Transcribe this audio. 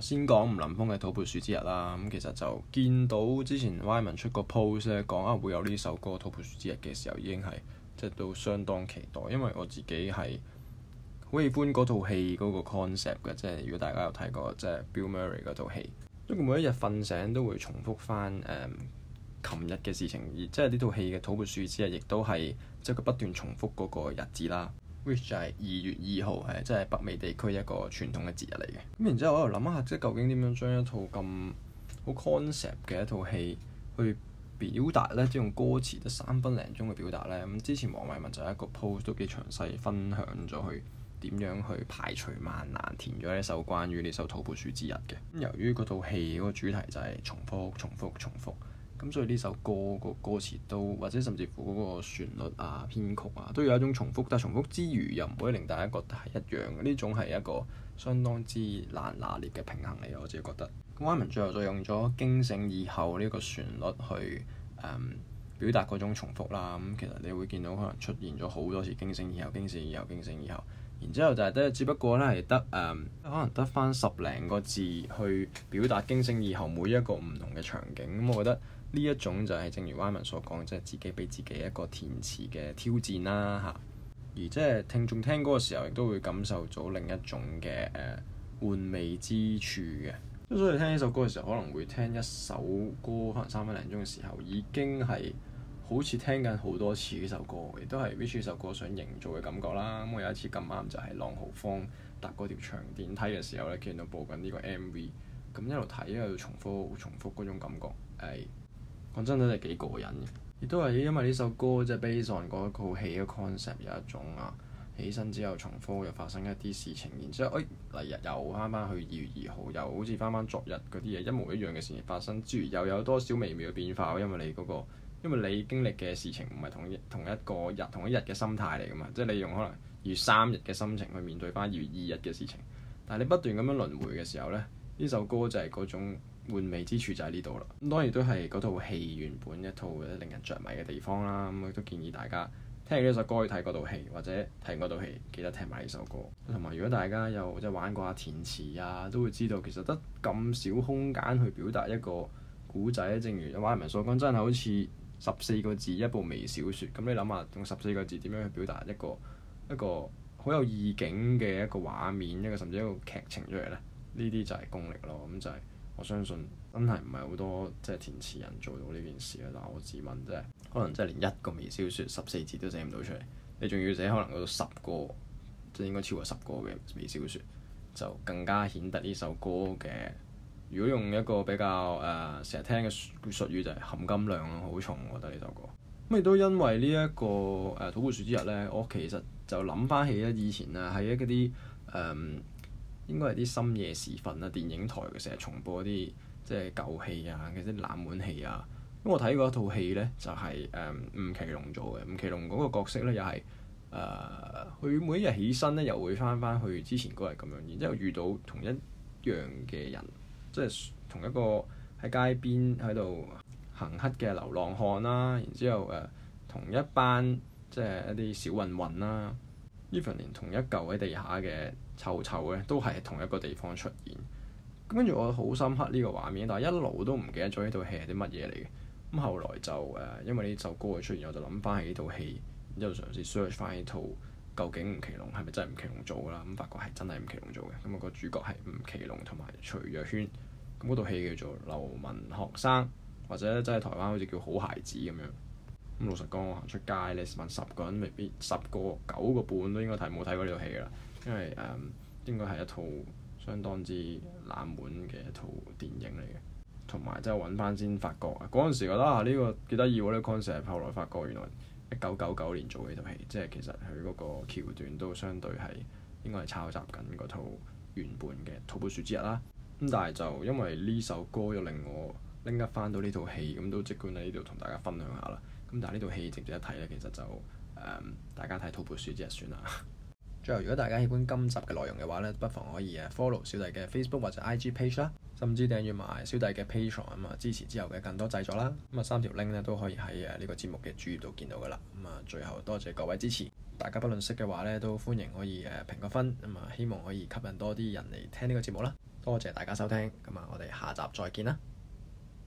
先講吳林峰嘅《土撥鼠之日》啦，咁其實就見到之前 Wyman 出個 post 咧，講可能會有呢首歌《土撥鼠之日》嘅時候，已經係即係都相當期待，因為我自己係好喜歡嗰套戲嗰個 concept 嘅，即係如果大家有睇過即係 Bill Murray 嗰套戲，因為每一日瞓醒都會重複翻誒琴日嘅事情，而即係呢套戲嘅《土撥鼠之日》亦都係即係佢不斷重複嗰個日子啦。which 2 2就係二月二號，係即係北美地區一個傳統嘅節日嚟嘅。咁然之後，我喺度諗下，即係究竟點樣將一套咁好 concept 嘅一套戲去表達呢？即用歌詞得三分零鐘嘅表達呢。咁、嗯、之前黃偉文就有一個 post 都幾詳細分享咗，去點樣去排除萬難填咗呢首關於呢首《土撥鼠之日》嘅。咁由於嗰套戲嗰個主題就係重複、重複、重複。咁所以呢首歌個歌詞都或者甚至乎嗰個旋律啊、編曲啊，都有一種重複，但係重複之餘又唔可以令大家覺得係一樣嘅。呢種係一個相當之難拿捏嘅平衡嚟，我自己覺得。Wyman 最後再用咗驚醒以後呢個旋律去、嗯、表達嗰種重複啦。咁、嗯、其實你會見到可能出現咗好多次驚醒以後、驚醒以後、驚醒以後，然之後就係、是、得，只不過咧係得誒、嗯，可能得返十零個字去表達驚醒以後每一個唔同嘅場景。咁、嗯、我覺得呢一種就係正如 Wyman 所講，即、就、係、是、自己俾自己一個填詞嘅挑戰啦嚇、嗯。而即係聽眾聽歌嘅時候，亦都會感受到另一種嘅誒玩味之處嘅。咁所以聽呢首歌嘅時候，可能會聽一首歌，可能三分零鐘嘅時候已經係。好似聽緊好多次呢首歌，亦都係 wish 呢首歌想營造嘅感覺啦。咁、嗯、我有一次咁啱就係朗豪坊搭嗰條長電梯嘅時候咧，見到播緊呢個 MV，咁一路睇一路重複重複嗰種感覺係哎、講真都係幾過癮嘅。亦都係因為呢首歌即係 based on 嗰套戲嘅 concept 有一種啊，起身之後重複又發生一啲事情，然之後誒哎、嚟日又翻返去二月二號，又好似翻返昨日嗰啲嘢一模一樣嘅事情發生，之餘又有多少微妙嘅變化，因為你嗰、那個。因為你經歷嘅事情唔係同一同一個日同一日嘅心態嚟㗎嘛，即係你用可能二三日嘅心情去面對翻二月二日嘅事情，但係你不斷咁樣輪迴嘅時候呢，呢首歌就係嗰種玩味之處就喺呢度啦。咁當然都係嗰套戲原本一套令人着迷嘅地方啦。咁都建議大家聽呢首歌去睇嗰套戲，或者睇嗰套戲記得聽埋呢首歌。同埋如果大家有即係玩過阿填詞啊，都會知道其實得咁少空間去表達一個古仔，正如有阿人文所講，真係好似～十四個字一部微小說，咁你諗下用十四個字點樣去表達一個一個好有意境嘅一個畫面，一個甚至一個劇情出嚟呢？呢啲就係功力咯，咁就係、是、我相信真係唔係好多即係、就是、填詞人做到呢件事嘅。但我自問即係可能即係連一個微小說十四字都寫唔到出嚟，你仲要寫可能嗰度十個，即、就、係、是、應該超過十個嘅微小說，就更加顯得呢首歌嘅。如果用一個比較誒，成、呃、日聽嘅術、呃、術語就係、是、含金量好重。我覺得呢首歌咁亦都因為呢、這、一個誒、呃《土撥鼠之日》呢，我其實就諗翻起咧以前啊，喺一啲誒，應該係啲深夜時分啊，電影台嘅成日重播啲即係舊戲啊，即係冷門戲啊。咁我睇過一套戲呢，就係誒吳奇隆做嘅。吳奇隆嗰個角色呢，又係誒佢每一日起身呢，又會翻翻去之前嗰日咁樣，然之後遇到同一樣嘅人，即係同一個喺街邊喺度行乞嘅流浪漢啦、啊，然之後誒、呃、同一班即係一啲小混混啦、啊。even 連同一嚿喺地下嘅臭臭咧，都係同一個地方出現。咁跟住我好深刻呢個畫面，但係一路都唔記得咗呢套戲係啲乜嘢嚟嘅。咁後來就誒、呃，因為呢首歌嘅出現，我就諗翻起呢套戲，然之後嘗試 search 翻呢套。究竟吳奇隆係咪真係吳奇隆做㗎啦？咁發覺係真係吳奇隆做嘅，咁嗰個主角係吳奇隆同埋徐若瑄，咁嗰套戲叫做《流氓學生》，或者真係台灣好似叫《好孩子》咁樣。咁老實講，我行出街，你問十個人，未必十個九個半都應該睇冇睇過呢套戲㗎啦，因為誒、嗯、應該係一套相當之冷門嘅一套電影嚟嘅，同埋即係揾翻先發覺，嗰陣時覺得啊呢個幾得意喎呢個 concept，後來發覺原來。一九九九年做嘅套戲，即係其實佢嗰個橋段都相對係應該係抄襲緊嗰套原版嘅《土桃樹之日》啦。咁但係就因為呢首歌又令我拎一翻到呢套戲，咁都籍管喺呢度同大家分享下啦。咁但係呢套戲值唔值睇咧？其實就誒、嗯，大家睇《土桃樹之日算》算啦。最後，如果大家喜歡今集嘅內容嘅話咧，不妨可以誒 follow 小弟嘅 Facebook 或者 IG page 啦，甚至訂閲埋小弟嘅 Patreon 啊嘛，支持之後嘅更多製作啦。咁啊，三條 link 咧都可以喺誒呢個節目嘅主頁度見到㗎喇。咁啊，最後多謝各位支持，大家不論識嘅話咧，都歡迎可以誒評個分，咁啊希望可以吸引多啲人嚟聽呢個節目啦。多謝大家收聽，咁啊我哋下集再見啦。